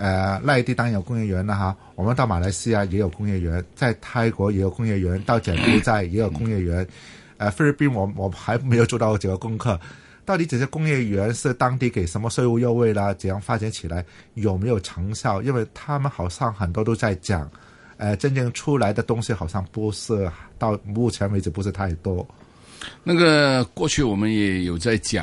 呃，內地當然有工業園啦，哈！我們到馬來西亞也有工業園，在泰國也有工業園，到柬埔寨也有工業園。呃，菲律賓我我還沒有做到這個功課。到底這些工業園是當地給什麼稅務優惠啦？點樣發展起來，有沒有成效？因為他們好像很多都在講，呃，真正出來的東西好像不是到目前為止不是太多。那個過去我們也有在講。